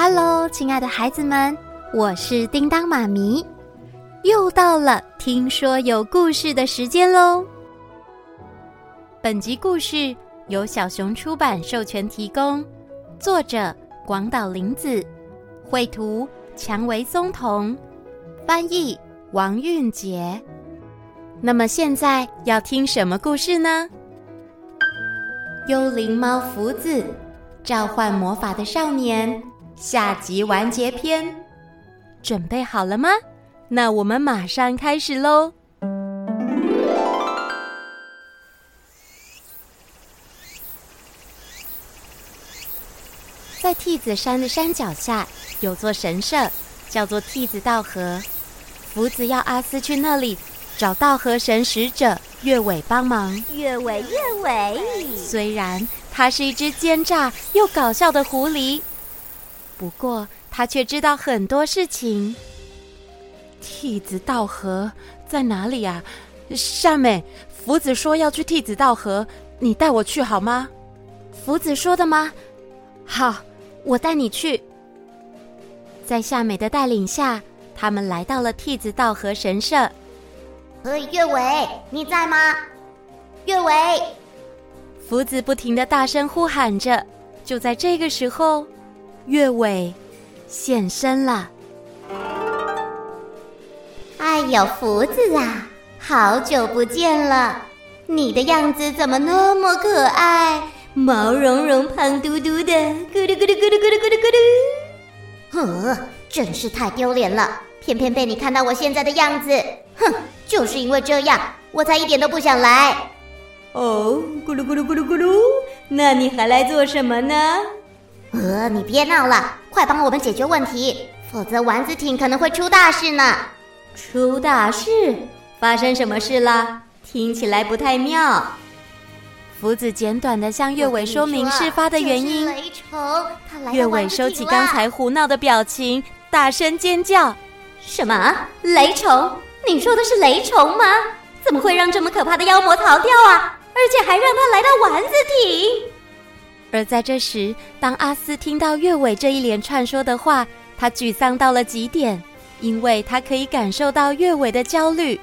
Hello，親愛的孩子們，我是叮噹媽咪，又到了聽說有故事的時間嘍。本集故事由小熊出版授權提供，作者廣嶋玲子，繪圖薔薇松瞳，翻譯王蘊潔。那麼現在要聽什麼故事呢？幽靈貓福子召喚魔法的少年。下集完結，完結篇，準備好了嗎？那我們馬上開始嘍。在替子山的山腳下有座神社，叫做替子稻荷。福子要阿斯去那裡找稻荷神使者月尾幫忙。月尾，月尾。雖然他是一隻奸詐又搞笑的狐狸。不過，他卻知道很多事情。弟子道河在哪裡呀、啊？夏美，福子說要去弟子道河，你帶我去好嗎？福子說的嗎？好，我帶你去。在夏美的帶領下，他們來到了弟子道河神社。呃，月尾，你在嗎？月尾，福子不停地大聲呼喊着，就在這個時候。月尾，現身啦。哎呦，福子啊，好久不見了！你的樣子怎麼那麼可愛，毛茸茸、胖嘟嘟的，咕嚕咕嚕咕嚕咕嚕咕嚕咕嚕。呃、哦，真是太丟臉了，偏偏被你看到我現在的樣子。哼，就是因為這樣，我才一點都不想來。哦，咕嚕咕嚕咕嚕咕嚕，那你還來做什麼呢？呃、哦，你別鬧了，快幫我們解決問題，否則丸子町可能會出大事呢！出大事？發生什麼事了？聽起來不太妙。福子簡短地向月尾說明事發的原因。了，就是、雷蟲他來了，月尾收起剛才胡鬧的表情，大聲尖叫：“什麼？雷蟲？你說的是雷蟲嗎？怎麼會讓這麼可怕的妖魔逃掉啊？而且還讓他來到丸子町？”而在這時，當阿斯聽到月尾這一連串說的話，他沮喪到了極點，因為他可以感受到月尾的焦慮。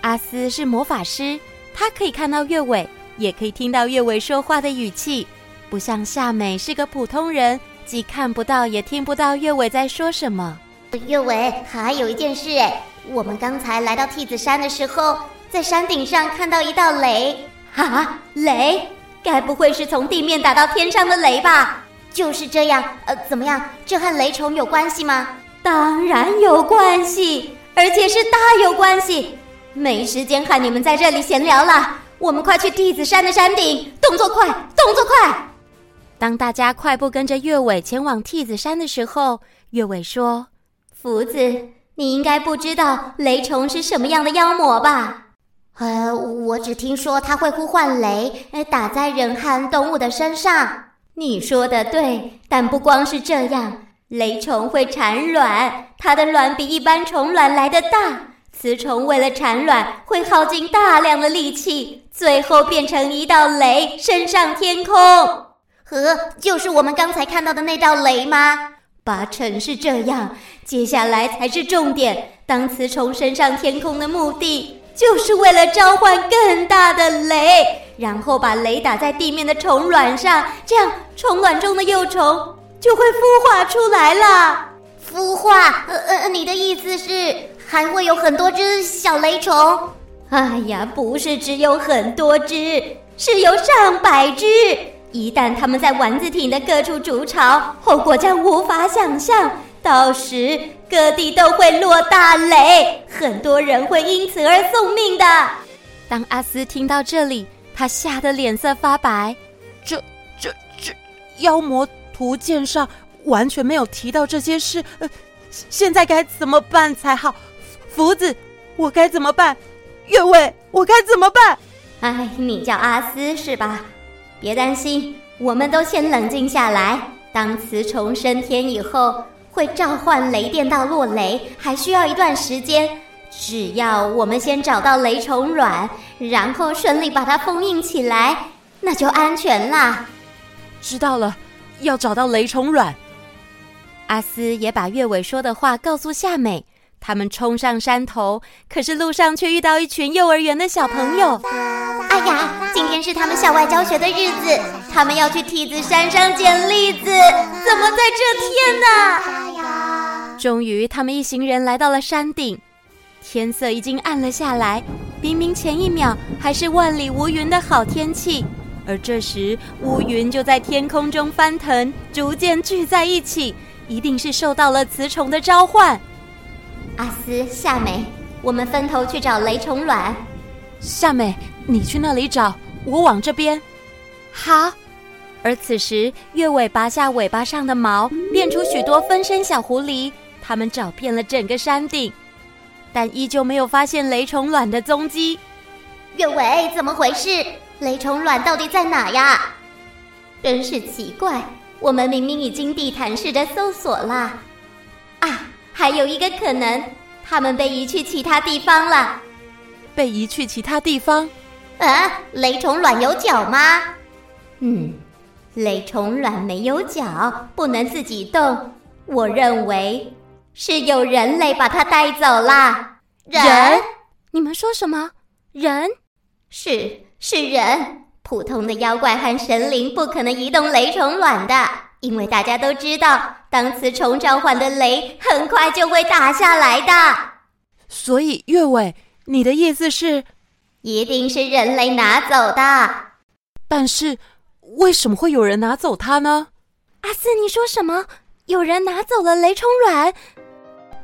阿斯是魔法師，他可以看到月尾，也可以聽到月尾說話的語氣，不像夏美是個普通人，既看不到也聽不到月尾在說什麼。月尾，還有一件事哎，我們剛才來到梯子山的時候，在山頂上看到一道雷，啊，雷。雷該不會是從地面打到天上的雷吧？就是這樣。呃，怎麼樣？這和雷蟲有關係嗎？當然有關係，而且是大有關係。沒時間和你們在這裡閒聊了，我們快去替子山的山頂，動作快，動作快！當大家快步跟着月尾前往替子山的時候，月尾說：“福子，你應該不知道雷蟲是什麼樣的妖魔吧？”呃，我只聽說它會呼喚雷，呃，打在人和動物的身上。你說的對，但不光是這樣，雷蟲會產卵，它的卵比一般蟲卵來得大。雌蟲為了產卵，會耗盡大量的力氣，最後變成一道雷，升上天空。和就是我們剛才看到的那道雷嗎？八成是這樣。接下來才是重點，當雌蟲升上天空的目的。就是為了召喚更大的雷，然後把雷打在地面的蟲卵上，這樣蟲卵中的幼蟲就會孵化出來了。孵化？呃呃，你的意思是還會有很多只小雷蟲？哎呀，不是只有很多只，是有上百只。一旦它們在丸子町的各處築巢，後果將無法想象。到時。各地都會落大雷，很多人會因此而送命的。當阿斯聽到這裡，他嚇得臉色發白。這、這、這，妖魔圖鑑上完全沒有提到這些事。呃，現在該怎麼辦才好？福子，我該怎麼辦？月未，我該怎麼辦？唉，你叫阿斯是吧？別擔心，我們都先冷靜下來。當雌蟲升天以後。會召喚雷電到落雷，還需要一段時間。只要我們先找到雷蟲卵，然後順利把它封印起來，那就安全啦。知道了，要找到雷蟲卵。阿斯也把月尾說的話告訴夏美，他們衝上山頭，可是路上卻遇到一群幼兒園的小朋友。啊啊今天是他們校外教學的日子，他們要去梯子山上撿栗子，怎麼在這天呢？終於，他們一行人來到了山頂，天色已經暗了下來。明明前一秒還是萬里無雲的好天氣，而這時烏雲就在天空中翻騰，逐漸聚在一起，一定是受到了雌蟲的召喚。阿斯，夏美，我們分頭去找雷蟲卵。夏美，你去那裡找，我往這邊。好。而此時，月尾拔下尾巴上的毛，變出許多分身小狐狸。他們找遍了整個山頂，但依舊沒有發現雷蟲卵的蹤跡。月尾，怎麼回事？雷蟲卵到底在哪呀？真是奇怪，我們明明已經地毯式的搜索了。啊，還有一個可能，他們被移去其他地方了。被移去其他地方？啊，雷蟲卵有腳嗎？嗯，雷蟲卵沒有腳，不能自己動。我認為是有人類把它帶走了。人？人？你們說什麼？人？是是人，普通的妖怪和神靈不可能移動雷蟲卵的，因為大家都知道，當雌蟲召喚的雷很快就會打下來的。所以，月尾，你的意思是？一定是人類拿走的，但是為什麼會有人拿走它呢？阿四，你說什麼？有人拿走了雷蟲卵？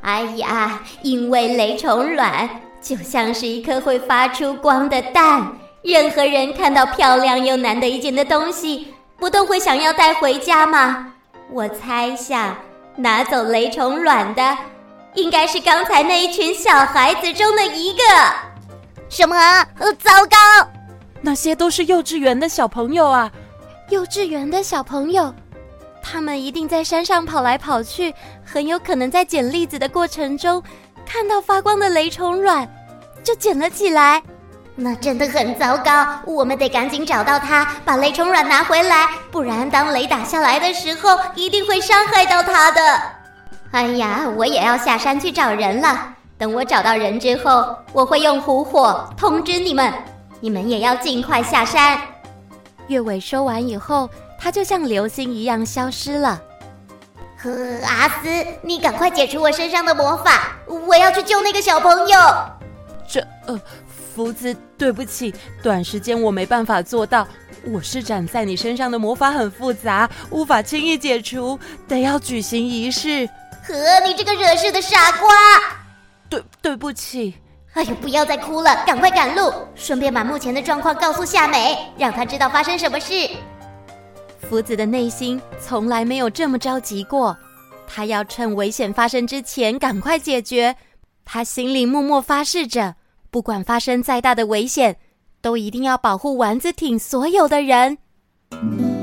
哎呀，因為雷蟲卵就像是一顆會發出光的蛋，任何人看到漂亮又難得一見的東西，不都會想要帶回家嗎？我猜一下，拿走雷蟲卵的，應該是剛才那一群小孩子中的一個。什麼？呃，糟糕！那些都是幼稚園的小朋友啊。幼稚園的小朋友，他們一定在山上跑來跑去，很有可能在撿栗子的過程中，看到發光的雷蟲卵，就撿了起來。那真的很糟糕，我們得趕緊找到他，把雷蟲卵拿回來，不然當雷打下來的時候，一定會傷害到他的。哎呀，我也要下山去找人了。等我找到人之後，我會用狐火通知你們，你們也要盡快下山。月尾說完以後，他就像流星一樣消失了。呵，阿斯，你趕快解除我身上的魔法，我要去救那個小朋友。這呃，福子，對不起，短時間我沒辦法做到。我施展在你身上的魔法很複雜，無法輕易解除，得要舉行儀式。呵，你這個惹事的傻瓜！對對不起，哎呦，不要再哭了，趕快趕路，順便把目前的狀況告訴夏美，讓她知道發生什麼事。福子的內心從來沒有這麼着急過，他要趁危險發生之前趕快解決。他心裡默默發誓着，不管發生再大的危險，都一定要保護丸子町所有的人，嗯。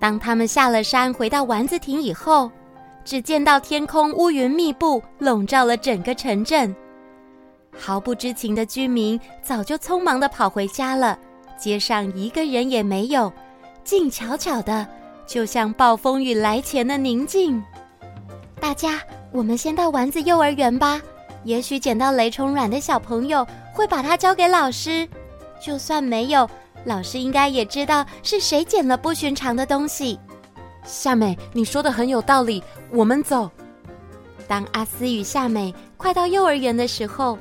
當他們下了山，回到丸子町以後。只見到天空烏雲密布，籠罩了整個城鎮。毫不知情的居民早就匆忙地跑回家了，街上一個人也沒有，靜悄悄的，就像暴風雨來前的寧靜。大家，我們先到丸子幼兒園吧。也許撿到雷蟲卵的小朋友會把它交給老師，就算沒有，老師應該也知道是誰撿了不尋常的東西。夏美，你說的很有道理，我們走。當阿斯與夏美快到幼兒園的時候，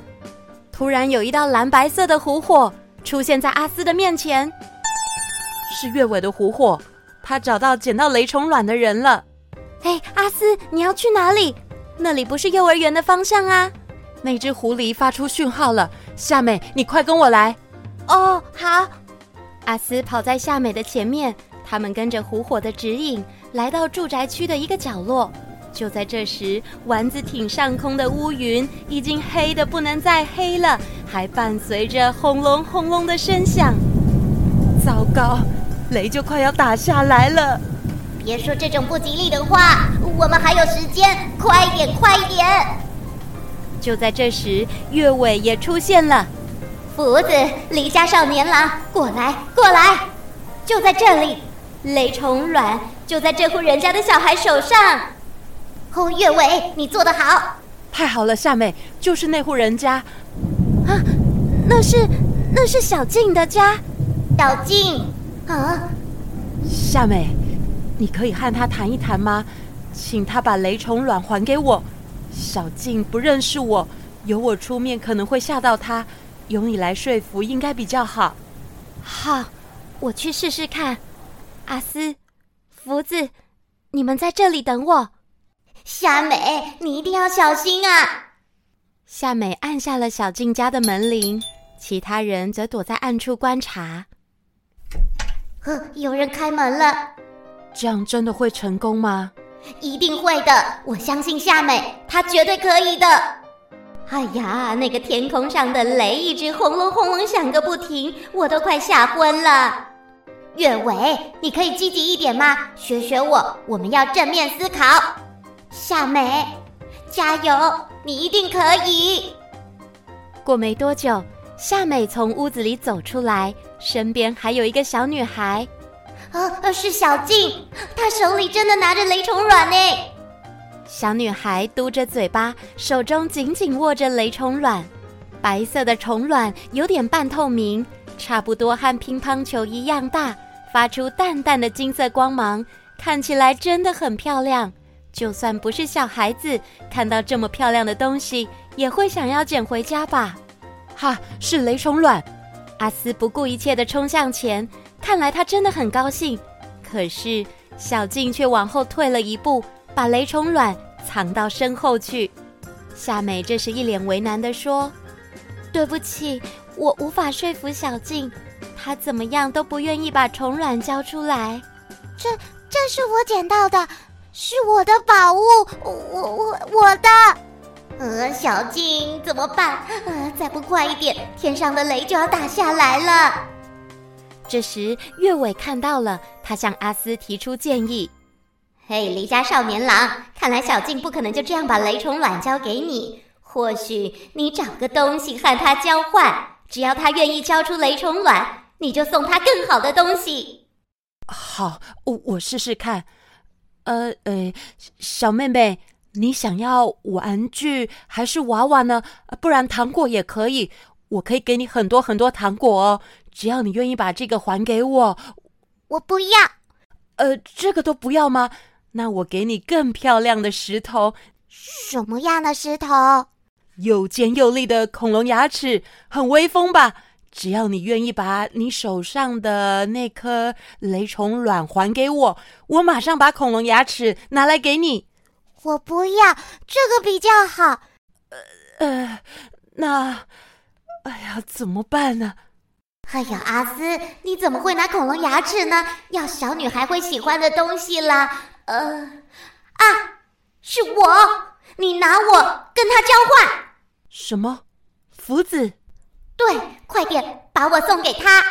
突然有一道藍白色的狐火出現在阿斯的面前，是月尾的狐火，他找到撿到雷蟲卵的人了。哎，阿斯，你要去哪裡？那裡不是幼兒園的方向啊！那隻狐狸發出訊號了，夏美，你快跟我來。哦，好。阿斯跑在夏美的前面。他們跟着狐火，火的指引來到住宅區的一個角落。就在這時，丸子町上空的烏雲已經黑得不能再黑了，還伴隨着轟隆轟隆的聲響。糟糕，雷就快要打下來了！別說這種不吉利的話，我們還有時間，快點，快點！就在這時，月尾也出現了。福子離家少年郎，過來，過來，就在這裡。雷蟲卵就在這戶人家的小孩手上。哦，月尾，你做得好，太好了，夏美，就是那戶人家。啊，那是那是小靜的家，小靜。啊，夏美，你可以和他談一談嗎？請他把雷蟲卵還給我。小靜不認識我，由我出面可能會嚇到他，由你來說服應該比較好。好，我去試試看。阿斯，福子，你們在這裡等我。夏美，你一定要小心啊！夏美按下了小靜家的門鈴，其他人則躲在暗處觀察。嗯，有人開門了。這樣真的會成功嗎？一定會的，我相信夏美，她絕對可以的。哎呀，那個天空上的雷一直轟隆轟隆響個不停，我都快嚇昏了。月尾，你可以積極一點嗎？學學我，我們要正面思考。夏美，加油，你一定可以。過沒多久，夏美從屋子裡走出來，身邊還有一個小女孩。呃、哦，是小靜，她手裡真的拿着雷蟲卵哎。小女孩嘟着嘴巴，手中緊緊握着雷蟲卵，白色的蟲卵有點半透明，差不多和乒乓球一樣大。發出淡淡的金色光芒，看起來真的很漂亮。就算不是小孩子，看到這麼漂亮的東西，也會想要撿回家吧？哈，是雷蟲卵！阿斯不顧一切地衝向前，看來他真的很高興。可是小靜卻往後退了一步，把雷蟲卵藏到身後去。夏美這時一臉為難地說：“對不起，我無法說服小靜。”他怎麼樣都不願意把蟲卵交出來，這這是我撿到的，是我的寶物，我我我的。呃，小靜怎麼辦？呃，再不快一點，天上的雷就要打下來了。這時，月尾看到了，他向阿斯提出建議：“嘿，離家少年郎，看來小靜不可能就這樣把雷蟲卵交給你，或許你找個東西和他交換，只要他願意交出雷蟲卵。”你就送他更好的東西。好，我我試試看。呃呃，小妹妹，你想要玩具還是娃娃呢？不然糖果也可以，我可以給你很多很多糖果哦。只要你願意把這個還給我。我不要。呃，這個都不要嗎？那我給你更漂亮的石頭。什麼樣的石頭？又尖又利的恐龍牙齒，很威風吧？只要你願意把你手上的那顆雷蟲卵還給我，我馬上把恐龍牙齒拿來給你。我不要，這個比較好。呃呃，那，哎呀，怎麼辦呢？哎呀，阿斯，你怎麼會拿恐龍牙齒呢？要小女孩會喜歡的東西啦。呃啊，是我，你拿我，跟他交換。什麼？福子。對，快點把我送給他。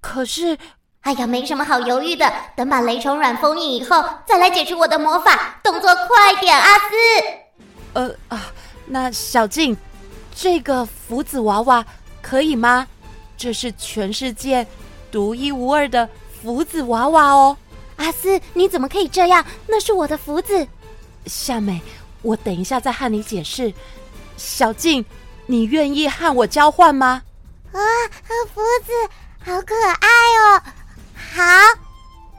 可是，哎呀，沒什麼好猶豫的，等把雷蟲卵封印以後，再來解除我的魔法。動作快點，阿斯。呃啊，那小靜，這個福子娃娃可以嗎？這是全世界獨一無二的福子娃娃哦。阿斯，你怎麼可以這樣？那是我的福子。夏美，我等一下再和你解釋。小靜。你願意和我交換嗎？啊，福子，好可愛哦！好。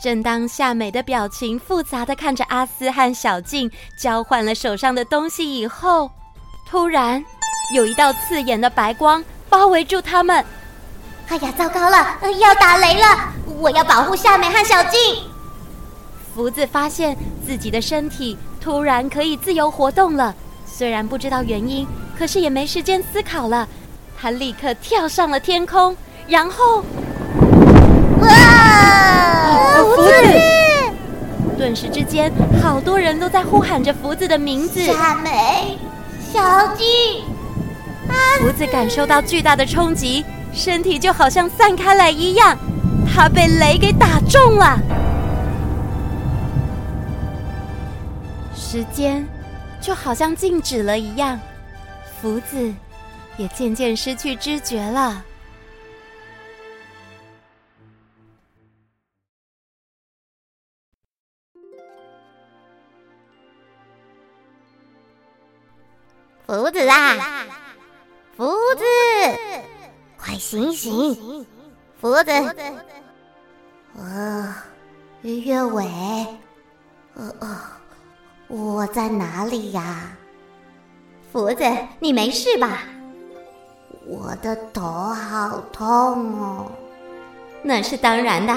正當夏美的表情複雜的看着阿斯和小靜交換了手上的東西以後，突然有一道刺眼的白光包圍住他們。哎呀，糟糕了，呃，要打雷了！我要保護夏美和小靜。福子發現自己的身體突然可以自由活動了，雖然不知道原因。可是也沒時間思考了，他立刻跳上了天空，然後，哇！哦、哦、福子。哦、福子，頓時之間，好多人都在呼喊着福子的名字。佳美、小吉，福子感受到巨大的衝擊，身體就好像散開來一樣，他被雷給打中了。時間就好像靜止了一樣。福子，漸漸福子，也漸漸失去知覺了福。福子啊，福子，快醒醒！福子，福子福子福子福子呃，於月偉，呃呃，我在哪裡呀？福子，你沒事吧？我的頭好痛哦。那是當然的，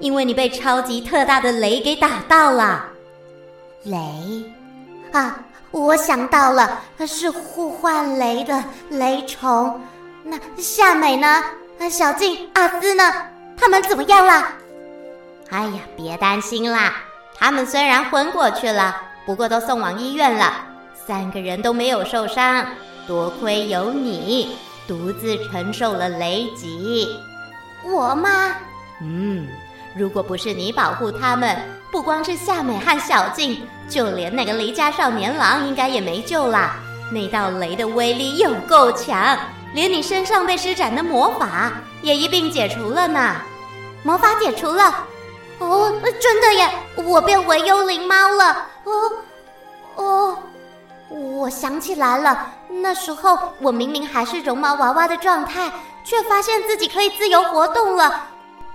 因為你被超級特大的雷給打到了。雷？啊，我想到了，是呼喚雷的雷蟲。那夏美呢？啊，小靜、阿斯呢？他們怎麼樣了？哎呀，別擔心啦，他們雖然昏過去了，不過都送往醫院了。三個人都沒有受傷，多虧有你獨自承受了雷擊。我嗎嗯，如果不是你保護他們，不光是夏美和小靜，就連那個離家少年郎應該也沒救了。那道雷的威力又夠強，連你身上被施展的魔法也一併解除了呢。魔法解除了，哦，真的耶，我變回幽靈貓了。哦，哦。我想起來了，那時候我明明還是絨毛娃娃的狀態，卻發現自己可以自由活動了。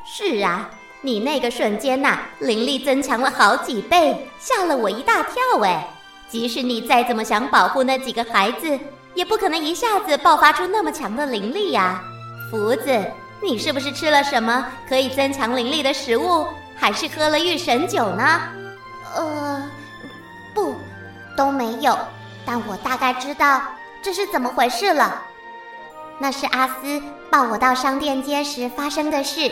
是啊，你那個瞬間呐、啊，靈力增強了好幾倍，嚇了我一大跳哎！即使你再怎麼想保護那幾個孩子，也不可能一下子爆發出那麼強的靈力呀、啊。福子，你是不是吃了什麼可以增強靈力的食物，還是喝了御神酒呢？呃，不，都沒有。但我大概知道這是怎麼回事了。那是阿斯抱我到商店街時發生的事。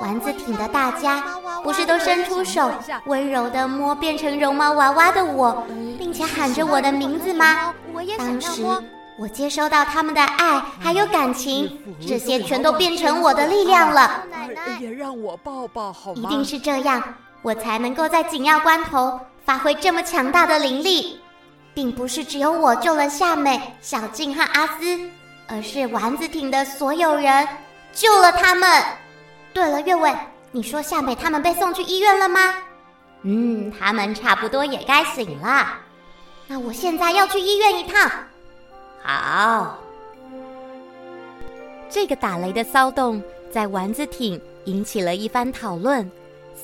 丸子町的大家不是都伸出手，溫柔地摸變成絨毛娃娃的我，並且喊着我的名字嗎？當時我接收到他們的愛還有感情，這些全都變成我的力量了。也讓我抱抱好嗎？一定是這樣，我才能夠在緊要關頭發揮這麼強大的靈力。並不是只有我救了夏美、小靜和阿斯，而是丸子町的所有人救了他們。對了，月尾，你說夏美他們被送去醫院了嗎？嗯，他們差不多也該醒了。那我現在要去醫院一趟。好，這個打雷的騷動在丸子町引起了一番討論。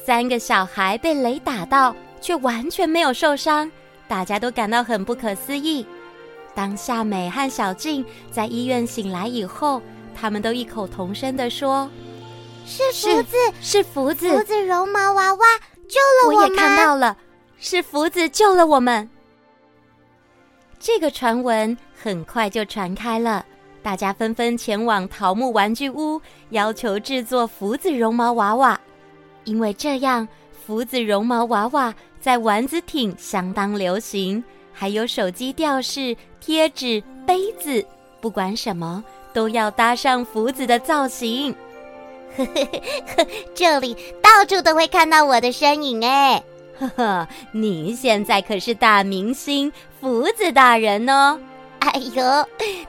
三個小孩被雷打到，卻完全沒有受傷。大家都感到很不可思議。當夏美和小靜在醫院醒來以後，他們都異口同聲地說：“是福子是，是福子，福子絨毛娃娃救了我們。”我也看到了，是福子救了我們。這個傳聞很快就傳開了，大家紛紛前往桃木玩具屋，要求製作福子絨毛娃娃，因為這樣福子絨毛娃娃，在丸子町相當流行，還有手機吊飾、貼紙、杯子，不管什麼都要搭上福子的造型。 這裡到處都會看到我的身影哎，呵呵。你現在可是大明星福子大人哦！哎呦，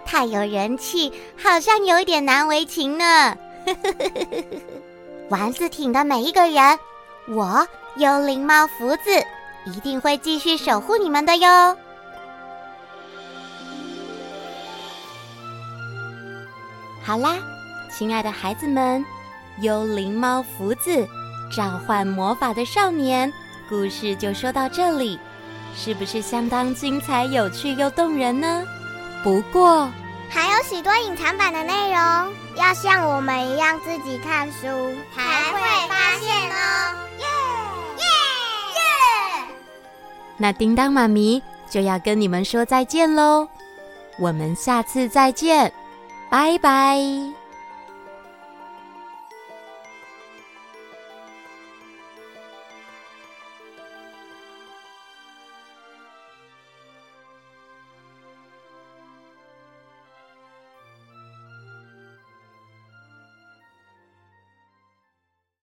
太有人氣，好像有一點難為情呢。 丸子町的每一個人，我。幽靈貓福子一定會繼續守護你們的喲。好啦，親愛的孩子們，幽靈貓福子召喚魔法的少年故事就說到這裡，是不是相當精彩、有趣又動人呢？不過，還有許多隱藏版的內容，要像我們一樣自己看書才會發現哦。那叮噹媽咪就要跟你們說再見嘍，我們下次再見，拜拜。